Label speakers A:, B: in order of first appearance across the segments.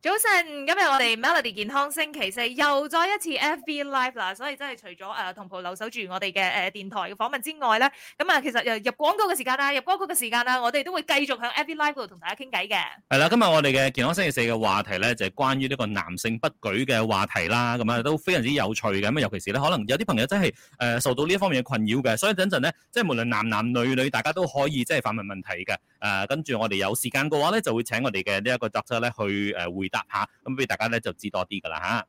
A: 早晨，今日我哋 Melody 健康星期四又再一次 FB Live 啦，所以真係除咗誒同蒲留守住我哋嘅誒電台嘅訪問之外咧，咁啊其實又入廣告嘅時間啦，入歌曲嘅時間啦，我哋都會繼續喺 FB Live 度同大家傾偈嘅。
B: 係啦，今日我哋嘅健康星期四嘅話題咧，就係關於呢個男性不舉嘅話題啦，咁啊都非常之有趣嘅，咁尤其是咧，可能有啲朋友真係誒受到呢一方面嘅困擾嘅，所以等陣咧，即係無論男男女女，大家都可以即係反問問題嘅。誒，跟住我哋有時間嘅話咧，就會請我哋嘅呢一個雜誌咧去誒會。答下咁，啊、俾大家咧就知多啲噶啦吓。啊、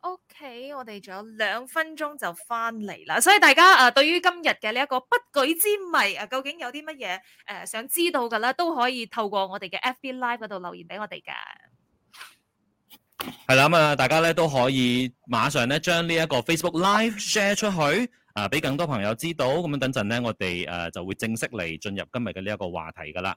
A: OK，我哋仲有兩分鐘就翻嚟啦，所以大家誒、呃，對於今日嘅呢一個不舉之謎誒、啊，究竟有啲乜嘢誒，想知道噶咧，都可以透過我哋嘅 F B Live 嗰度留言俾我哋噶。
B: 係啦咁啊，大家咧都可以馬上咧將呢一個 Facebook Live share 出去啊，俾、呃、更多朋友知道。咁、嗯、等陣咧，我哋誒、呃、就會正式嚟進入今日嘅呢一個話題噶啦。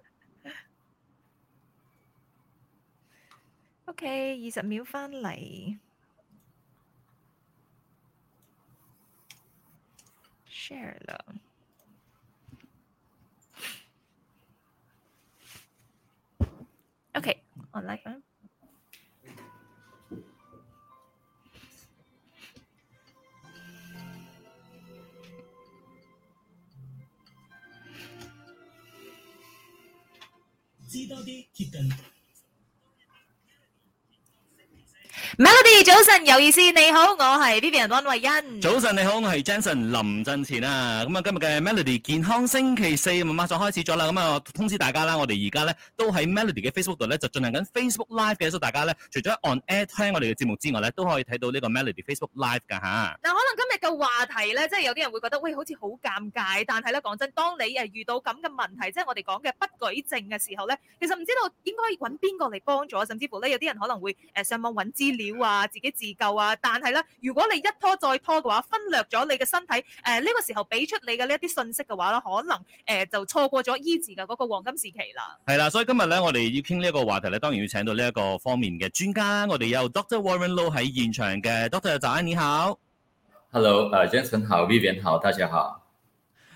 A: O.K. 二十秒返嚟，share 啦。O.K. 我 like，
B: 知多啲捷徑。
A: Melody，早晨，有意思，你好，我係 Vivian 安慧欣。
B: 早晨，你好，我係 Jason 林振前啊。咁啊，今日嘅 Melody 健康星期四馬上開始咗啦。咁啊，通知大家啦，我哋而家咧都喺 Melody 嘅 Facebook 度咧就進行緊 Facebook Live 嘅，所以大家咧，除咗 on air 聽我哋嘅節目之外咧，都可以睇到呢個 Melody Facebook Live 噶吓。
A: 嗱，可能今日嘅話題咧，即係有啲人會覺得，喂、哎，好似好尷尬。但係咧，講真，當你誒遇到咁嘅問題，即係我哋講嘅不舉證嘅時候咧，其實唔知道應該揾邊個嚟幫助，甚至乎咧有啲人可能會誒上網揾資料。啊，自己自救啊！但係咧，如果你一拖再拖嘅話，忽略咗你嘅身體，誒、呃，呢、這個時候俾出你嘅呢一啲信息嘅話咧，可能誒、呃、就錯過咗醫治嘅嗰個黃金時期啦。
B: 係啦，所以今日咧，我哋要傾呢一個話題咧，當然要請到呢一個方面嘅專家。我哋有 Dr. Warren Low 喺現場嘅，Dr. 仔，你好。Hello，誒，Jason 好，Vivian 好，大家好。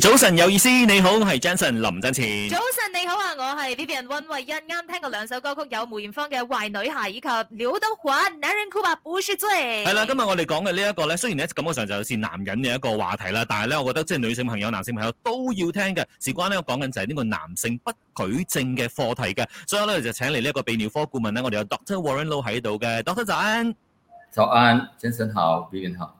B: 早晨有意思，你好，我係 Jason 林振前。早
A: 晨你好啊，我係 Vivian 温慧欣，啱聽過兩首歌曲，有梅艷芳嘅《壞女孩》以及劉德華《尿都管》，男人哭吧不是罪。係啦，今
B: 日我哋講嘅呢一個咧，雖然咧感覺上就係似男人嘅一個話題啦，但係咧，我覺得即係女性朋友、男性朋友都要聽嘅。事關我講緊就係呢個男性不舉症嘅課題嘅，所以咧就請嚟呢一個泌尿科顧問咧，我哋有 Doctor Warren Low 喺度嘅，Doctor 陣。Dr. 早安，Jason 好 Vivian 好。Viv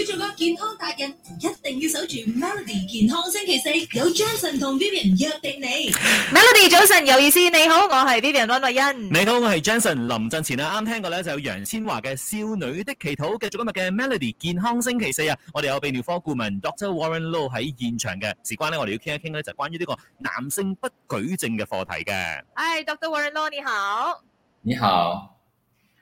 A: 要做個健康達人，一定要守住 Melody 健康星期四，有 Jason 同 Vivian 約定你。Melody 早晨，有意思，你好，我係 Vivian 安慧欣。
B: 你好，我係 Jason。臨陣前啊，啱聽過咧就有楊千嬅嘅《少女的祈禱》，繼續今日嘅 Melody 健康星期四啊！我哋有泌尿科顧問 Dr. Warren Low 喺現場嘅，事關咧我哋要傾一傾咧就是、關於呢個男性不舉症嘅課題嘅。
A: 哎，Dr. Warren Low 你好。你好。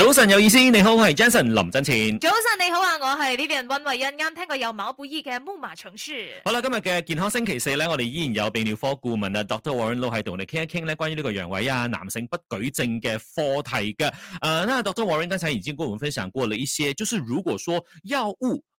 B: 早晨有意思，你好，我係 Jensen 林振前。
A: 早晨你好啊，我係 Lillian 溫慧欣，啱聽過有毛不易嘅《木馬程序》。
B: 好啦，今日嘅健康星期四咧，我哋依然有泌尿科顧問啊，Dr. Warren 都係同我哋傾一傾咧，關於呢個陽痿啊，男性不舉症嘅課題嘅。誒、呃，啦，Dr. Warren 剛才已經跟我們分享過了一些，就是如果說藥物。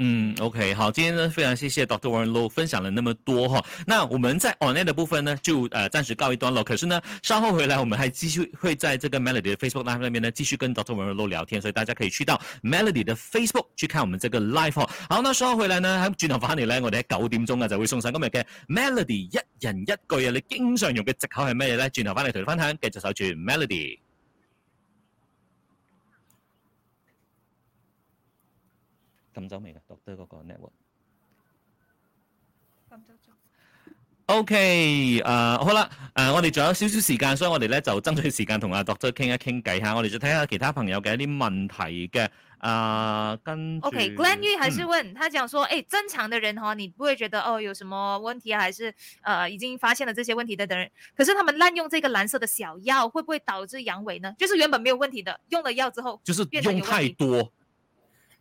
B: 嗯，OK，好，今天呢非常謝謝 Dr. Warren Low 分享了那麼多哈，那我們在 online 的部分呢就呃，暫時告一段落，可是呢稍後回來我們還繼續會在這個 Melody 的 Facebook 那那邊呢繼續跟 Dr. Warren Low 聊天，所以大家可以去到 Melody 的 Facebook 去看我們這個 live 哈。好，那稍後回來呢，喺轉頭翻嚟呢，我哋喺九點鐘啊就會送上今日嘅 Melody 一人一句啊，你經常用嘅借口係咩嘢呢？轉頭翻嚟同你分享，繼續守住 Melody。撳走未嘅，Doctor 嗰個 network。OK，誒、呃、好啦，誒、呃、我哋仲有少少時間，所以我哋咧就爭取時間同阿 Doctor 傾一傾偈嚇。我哋就睇下其他朋友嘅一啲問題嘅，誒、呃、跟。OK，Glenn、okay, Y 還是
A: 問，嗯、他講說，誒、欸、正常嘅人你不會覺得哦，有什麼問題啊？還是、呃、已經發現了這些問題的，的人，可是他們濫用這個藍色的小藥，會不會導致陽痿呢？就是原本沒有問題的，用了藥之後，就是用太
B: 多。